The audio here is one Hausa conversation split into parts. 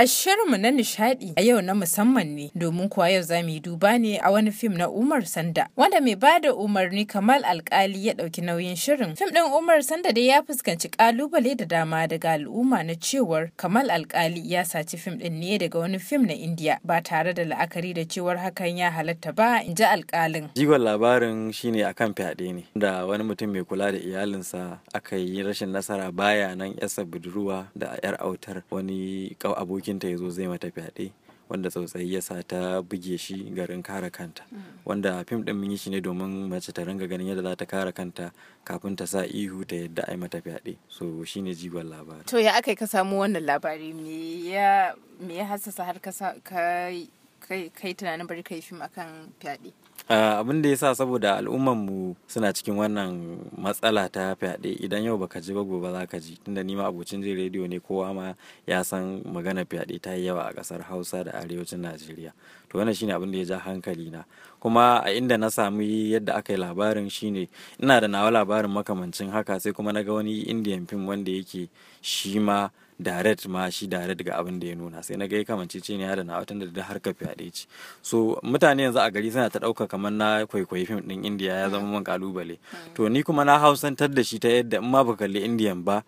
A shirinmu na nishadi a yau na musamman ne domin kuwa yau za mu yi duba ne a wani fim na Umar Sanda wanda mai ba da umarni Kamal Alkali ya ɗauki nauyin shirin. Fim ɗin Umar Sanda dai ya fuskanci ƙalubale da dama daga al'umma na cewar Kamal Alkali ya saci fim ɗin ne daga wani fim na indiya ba tare da la'akari da cewar hakan ya halatta ba in ji alkalin. Jigon labarin shine akan fyaɗe ne da wani mutum mai kula da iyalinsa aka yi rashin nasara baya nan yasa budurwa da 'yar autar wani aboki jikinta ya zo zai mata fyaɗe wanda tsautsayi ya sa ta buge shi garin kare kanta wanda fim ɗin mun yi shi ne domin mace ta ringa ganin yadda za ta kare kanta kafin ta sa ihu ta yadda ai mata fyaɗe so shine jigon labari to ya aka ka samu wannan labari me ya me ya hassasa har ka kai tunanin bari ka yi fim akan fyaɗe Eh, abin da ya sa saboda al'ummanmu suna cikin wannan matsala ta fyaɗe idan yau baka ji ba gobe za ka ji tunda nima abocin jin rediyo ne kowa ma ya san magana fyaɗe ta yi yawa a ƙasar hausa da arewacin najeriya to wannan shine abin da ya ja hankali na kuma a inda na sami yadda aka yi labarin shine ina da nawa labarin makamancin haka sai kuma na ga wani indian fim wanda yake shi ma direct ma shi direct ga abin da ya nuna sai na ga ya kamance ne da na watan da da ka fyaɗe ce so mutane yanzu a gari suna ta ɗauka kamar na kwaikwayi fim ɗin indiya ya zama man kalubale to ni kuma na hausantar da shi ta yadda in ma ba kalli indian ba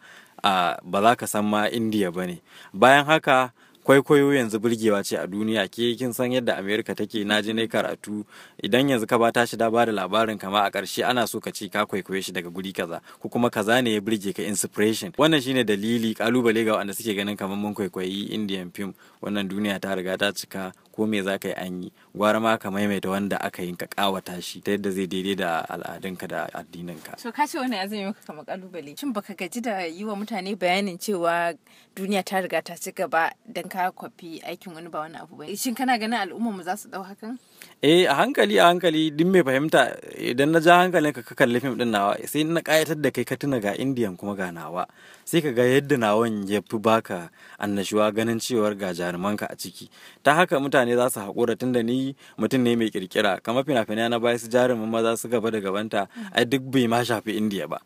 ba za ka san ma indiya ba ne bayan haka kwaikwayo yanzu burgewa ce a duniya ke kin san yadda amerika take na ji ne karatu idan yanzu ka ba ta shi da ba da labarin kama a ƙarshe ana so ka ce ka kwaikwaye shi daga guri kaza ko kuma kaza ne ya burge ka inspiration wannan shine dalili kalubale ga wanda suke ganin kamar mun kwaikwayi indian film wannan duniya ta riga ta cika ko me za ka yi an yi gwara ma ka maimaita wanda aka yi ka kawata shi ta yadda zai daidai da al'adunka da addininka. to ka ce wani ya zai maka kamar kalubale shin baka gaji da yi wa mutane bayanin cewa duniya ta riga ta cika ba dan ka ka kwafi aikin wani ba wani abu ba shin kana ganin al'umma mu za su dau hakan eh a hankali a hankali duk mai fahimta idan na ja hankalin ka kalli fim din nawa sai na kayatar da kai ka tuna ga indiyan kuma ga nawa sai ka ga yadda nawan ya fi baka annashuwa ganin cewar ga jarumanka a ciki ta haka mutane za su haƙura da ni mutum ne mai kirkira kamar fina-finai na bayan su jarumin maza su gaba da gabanta ai duk bai ma shafi indiya ba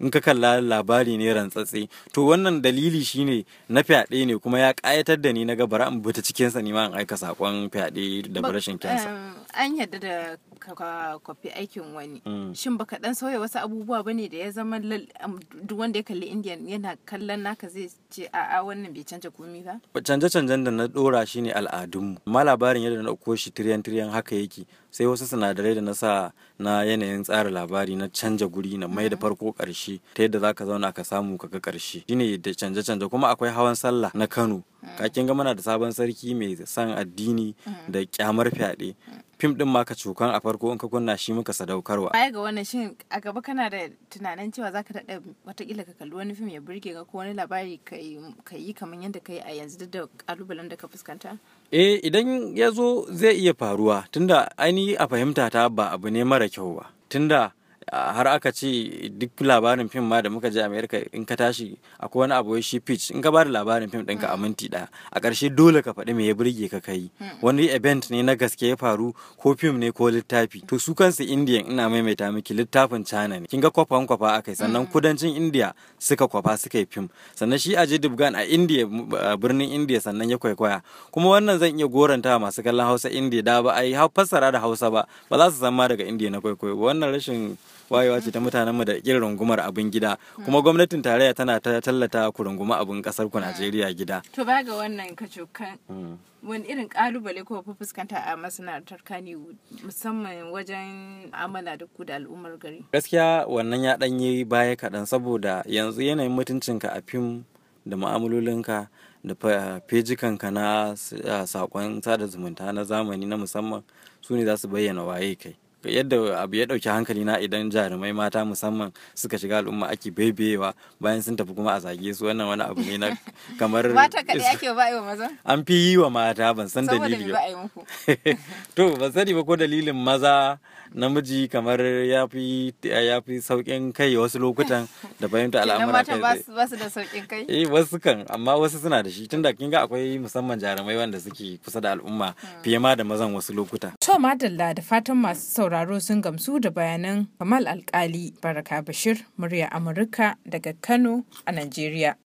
in ka kalla labari ne rantsatse to wannan dalili shine na fyaɗe ne kuma ya ƙayatar da ni na gabara in bita cikin sa ma in aika sakon fyaɗe da rashin kyansa eh, an yadda da kwafi aikin wani mm. shin baka dan sauya wasu abubuwa bane da ya zama duk wanda ya kalli indian yana kallon naka zai ce a'a wannan bai canja komi ba canje-canjen da na dora shine al'adunmu ma labarin yadda na ɗauko shi tiriyan-tiriyan haka yake sai wasu sinadarai da na sa na yanayin tsara labari na canja guri na mai da farko karshe ta yadda za ka zauna ka samu ka ga karshe shine da canje canje kuma akwai hawan sallah na Kano hmm. kakin gama na da sabon sarki mai san addini hmm. da kyamar fyaɗe hmm. fim din ma ka cokan a farko in ka kunna shi muka sadaukarwa. Baya ga wannan shin a gaba kana da tunanin cewa za ka daɗa watakila ka kalli wani fim ya burge ka ko wani labari ka yi kamar yadda ka yi a yanzu duk da kalubalen da ka fuskanta? Eh idan ya zo zai iya faruwa tunda ainihi a fahimta ta ba abu ne mara kyau ba. Tunda har aka ce duk labarin fim ma da muka je america in ka tashi akwai wani abu shi pitch in ka bada labarin fim ɗinka a hmm. minti ɗaya a ƙarshe dole ka faɗi me ya burge ka kai hmm. wani event ne na gaske ya faru ko fim ne ko littafi to su kansu indiya ina maimaita miki littafin china ne kin ga kwafan kwafa kai sannan hmm. kudancin india suka kwafa suka yi fim sannan shi aje dubgan a india birnin india sannan ya kwaikwaya kuma wannan zan iya goranta masu kallon hausa india da ba a yi fassara da hausa ba ba za su san ma daga india na kwaikwayo wannan rashin wayewa ce ta mutanen mu da kirin rungumar abin gida kuma gwamnatin tarayya tana ta tallata ku runguma abin kasar ku Najeriya gida. To ba ga wannan kan hmm. wani irin kalubale ko fa fuskanta a masana'antar kani musamman wajen amala da ku da al'ummar gari. Gaskiya wannan ya ɗan yi baya kaɗan saboda yanzu yanayin mutuncinka a fim da mu'amalolinka da ka na eh, saƙon sada zumunta na zamani na musamman su ne za su bayyana waye kai. yadda abu ya dauki hankali na idan jarumai mata musamman suka shiga al'umma ake bebewa bayan sun tafi kuma a zage su wannan wani abu ne na kamar mata kaɗai ake ba wa maza an fi yi wa mata ban san dalili ba to ban sani ba ko dalilin maza namiji kamar ya fi ya fi saukin kai wasu lokutan da fahimta al'amuran kai ba su da saukin kai eh wasu kan amma wasu suna da shi tunda kin ga akwai musamman jarumai wanda suke kusa da al'umma hmm. fiye ma da mazan wasu lokuta to madalla da fatan masu sauraro sauraro sun gamsu da bayanan Kamal Alkali Baraka Bashir, murya Amurka daga Kano a Najeriya.